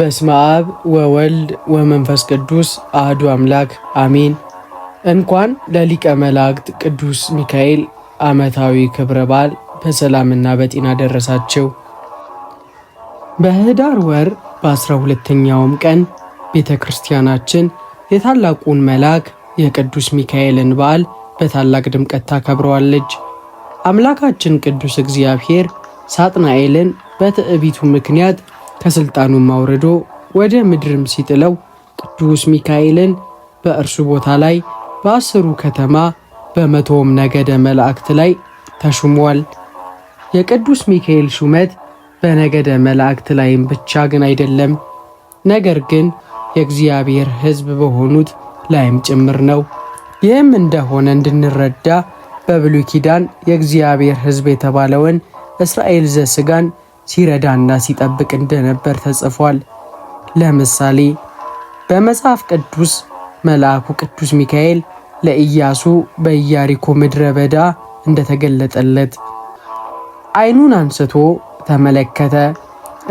በስመ አብ ወወልድ ወመንፈስ ቅዱስ አህዱ አምላክ አሜን። እንኳን ለሊቀ መላእክት ቅዱስ ሚካኤል ዓመታዊ ክብረ በዓል በሰላምና በጤና ደረሳቸው። በህዳር ወር በአስራ ሁለተኛውም ቀን ቤተ ክርስቲያናችን የታላቁን መልአክ የቅዱስ ሚካኤልን በዓል በታላቅ ድምቀት ታከብረዋለች። አምላካችን ቅዱስ እግዚአብሔር ሳጥናኤልን በትዕቢቱ ምክንያት ከስልጣኑም አውርዶ ወደ ምድርም ሲጥለው ቅዱስ ሚካኤልን በእርሱ ቦታ ላይ በአስሩ ከተማ በመቶም ነገደ መላእክት ላይ ተሹሟል። የቅዱስ ሚካኤል ሹመት በነገደ መላእክት ላይም ብቻ ግን አይደለም፣ ነገር ግን የእግዚአብሔር ሕዝብ በሆኑት ላይም ጭምር ነው። ይህም እንደሆነ እንድንረዳ በብሉይ ኪዳን የእግዚአብሔር ሕዝብ የተባለውን እስራኤል ዘስጋን ሲረዳና ሲጠብቅ እንደነበር ተጽፏል። ለምሳሌ በመጽሐፍ ቅዱስ መልአኩ ቅዱስ ሚካኤል ለኢያሱ በኢያሪኮ ምድረ በዳ እንደተገለጠለት ዓይኑን አንስቶ ተመለከተ፣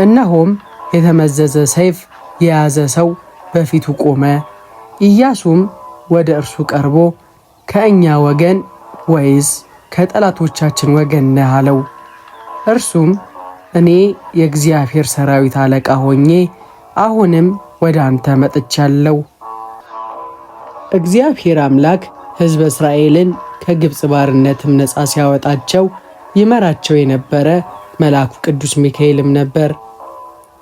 እነሆም የተመዘዘ ሰይፍ የያዘ ሰው በፊቱ ቆመ። ኢያሱም ወደ እርሱ ቀርቦ ከእኛ ወገን ወይስ ከጠላቶቻችን ወገን ነህ? አለው። እርሱም እኔ የእግዚአብሔር ሰራዊት አለቃ ሆኜ አሁንም ወደ አንተ መጥቻለሁ። እግዚአብሔር አምላክ ህዝብ እስራኤልን ከግብፅ ባርነትም ነፃ ሲያወጣቸው ይመራቸው የነበረ መልአኩ ቅዱስ ሚካኤልም ነበር።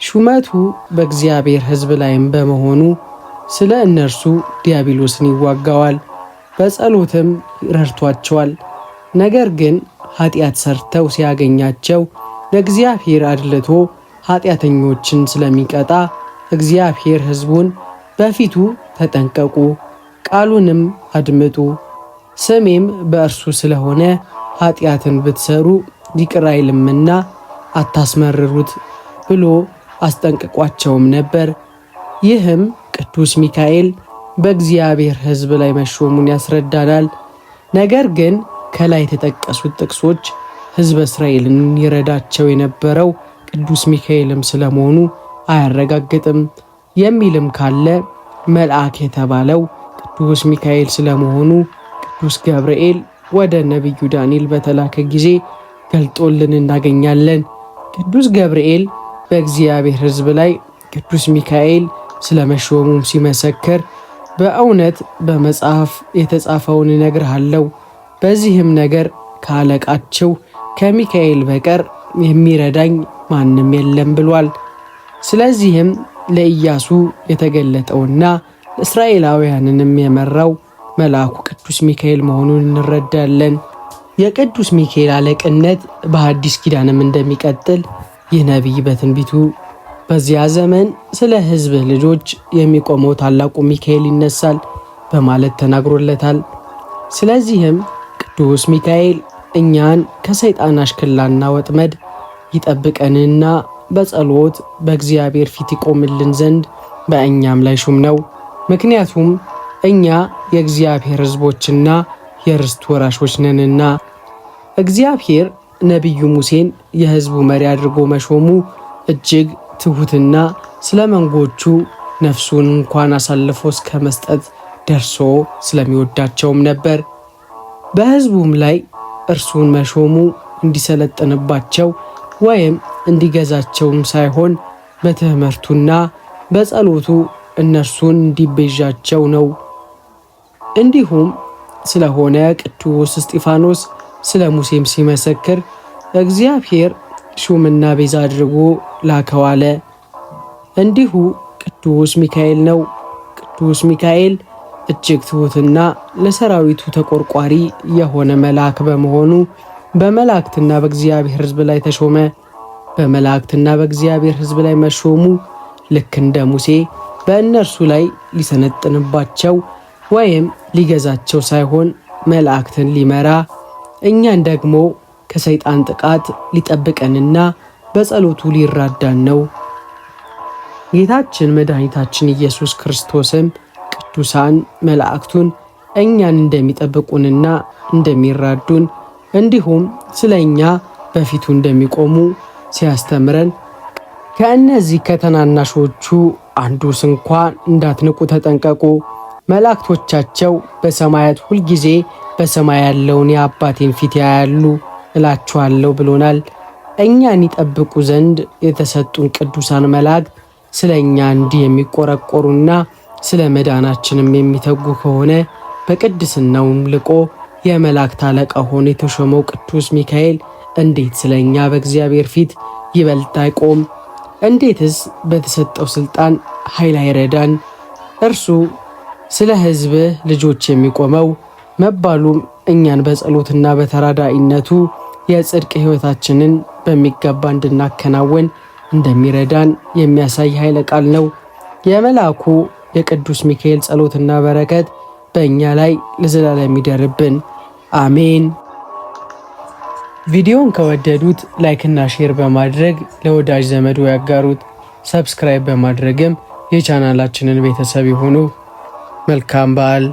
ሹመቱ በእግዚአብሔር ሕዝብ ላይም በመሆኑ ስለ እነርሱ ዲያብሎስን ይዋጋዋል፣ በጸሎትም ረድቷቸዋል። ነገር ግን ኃጢአት ሰርተው ሲያገኛቸው ለእግዚአብሔር አድልቶ ኃጢአተኞችን ስለሚቀጣ እግዚአብሔር ሕዝቡን በፊቱ ተጠንቀቁ፣ ቃሉንም አድምጡ፣ ስሜም በእርሱ ስለሆነ ኃጢአትን ብትሰሩ ይቅር አይልምና አታስመርሩት ብሎ አስጠንቅቋቸውም ነበር። ይህም ቅዱስ ሚካኤል በእግዚአብሔር ሕዝብ ላይ መሾሙን ያስረዳናል። ነገር ግን ከላይ የተጠቀሱት ጥቅሶች ህዝበ እስራኤልን ይረዳቸው የነበረው ቅዱስ ሚካኤልም ስለመሆኑ አያረጋግጥም የሚልም ካለ መልአክ የተባለው ቅዱስ ሚካኤል ስለመሆኑ ቅዱስ ገብርኤል ወደ ነቢዩ ዳንኤል በተላከ ጊዜ ገልጦልን እናገኛለን። ቅዱስ ገብርኤል በእግዚአብሔር ህዝብ ላይ ቅዱስ ሚካኤል ስለ መሾሙም ሲመሰክር በእውነት በመጽሐፍ የተጻፈውን እነግርሃለሁ፣ በዚህም ነገር ከአለቃቸው ከሚካኤል በቀር የሚረዳኝ ማንም የለም ብሏል። ስለዚህም ለኢያሱ የተገለጠውና እስራኤላውያንንም የመራው መልአኩ ቅዱስ ሚካኤል መሆኑን እንረዳለን። የቅዱስ ሚካኤል አለቅነት በአዲስ ኪዳንም እንደሚቀጥል ይህ ነቢይ በትንቢቱ በዚያ ዘመን ስለ ሕዝብ ልጆች የሚቆመው ታላቁ ሚካኤል ይነሳል በማለት ተናግሮለታል። ስለዚህም ቅዱስ ሚካኤል እኛን ከሰይጣን አሽክላና ወጥመድ ይጠብቀንና በጸሎት በእግዚአብሔር ፊት ይቆምልን ዘንድ በእኛም ላይ ሹም ነው። ምክንያቱም እኛ የእግዚአብሔር ሕዝቦችና የርስት ወራሾች ነንና። እግዚአብሔር ነቢዩ ሙሴን የሕዝቡ መሪ አድርጎ መሾሙ እጅግ ትሑትና ስለ መንጎቹ ነፍሱን እንኳን አሳልፎ እስከ መስጠት ደርሶ ስለሚወዳቸውም ነበር። በሕዝቡም ላይ እርሱን መሾሙ እንዲሰለጥንባቸው ወይም እንዲገዛቸውም ሳይሆን በትምህርቱና በጸሎቱ እነርሱን እንዲቤዣቸው ነው። እንዲሁም ስለሆነ ቅዱስ እስጢፋኖስ ስለ ሙሴም ሲመሰክር እግዚአብሔር ሹምና ቤዛ አድርጎ ላከዋለ። አለ። እንዲሁ ቅዱስ ሚካኤል ነው። ቅዱስ ሚካኤል እጅግ ትሑትና ለሰራዊቱ ተቆርቋሪ የሆነ መልአክ በመሆኑ በመላእክትና በእግዚአብሔር ሕዝብ ላይ ተሾመ። በመላእክትና በእግዚአብሔር ሕዝብ ላይ መሾሙ ልክ እንደ ሙሴ በእነርሱ ላይ ሊሰነጥንባቸው ወይም ሊገዛቸው ሳይሆን መላእክትን ሊመራ እኛን ደግሞ ከሰይጣን ጥቃት ሊጠብቀንና በጸሎቱ ሊራዳን ነው። ጌታችን መድኃኒታችን ኢየሱስ ክርስቶስም ቅዱሳን መላእክቱን እኛን እንደሚጠብቁንና እንደሚራዱን እንዲሁም ስለ እኛ በፊቱ እንደሚቆሙ ሲያስተምረን ከእነዚህ ከተናናሾቹ አንዱ ስንኳ እንዳትንቁ ተጠንቀቁ፣ መላእክቶቻቸው በሰማያት ሁልጊዜ በሰማይ ያለውን የአባቴን ፊት ያያሉ እላችኋለሁ ብሎናል። እኛን ይጠብቁ ዘንድ የተሰጡን ቅዱሳን መላእክት ስለ እኛ እንዲህ የሚቆረቆሩና ስለ መዳናችንም የሚተጉ ከሆነ በቅድስናውም ልቆ የመላእክት አለቃ ሆኖ የተሾመው ቅዱስ ሚካኤል እንዴት ስለ እኛ በእግዚአብሔር ፊት ይበልጥ አይቆም? እንዴትስ በተሰጠው ሥልጣን ኃይል አይረዳን? እርሱ ስለ ህዝብ ልጆች የሚቆመው መባሉም እኛን በጸሎትና በተራዳኢነቱ የጽድቅ ሕይወታችንን በሚገባ እንድናከናወን እንደሚረዳን የሚያሳይ ኃይለ ቃል ነው። የመልአኩ የቅዱስ ሚካኤል ጸሎትና በረከት በእኛ ላይ ለዘላለም ይደርብን፣ አሜን። ቪዲዮን ከወደዱት ላይክና ሼር በማድረግ ለወዳጅ ዘመዱ ያጋሩት። ሰብስክራይብ በማድረግም የቻናላችንን ቤተሰብ የሆኑ መልካም በዓል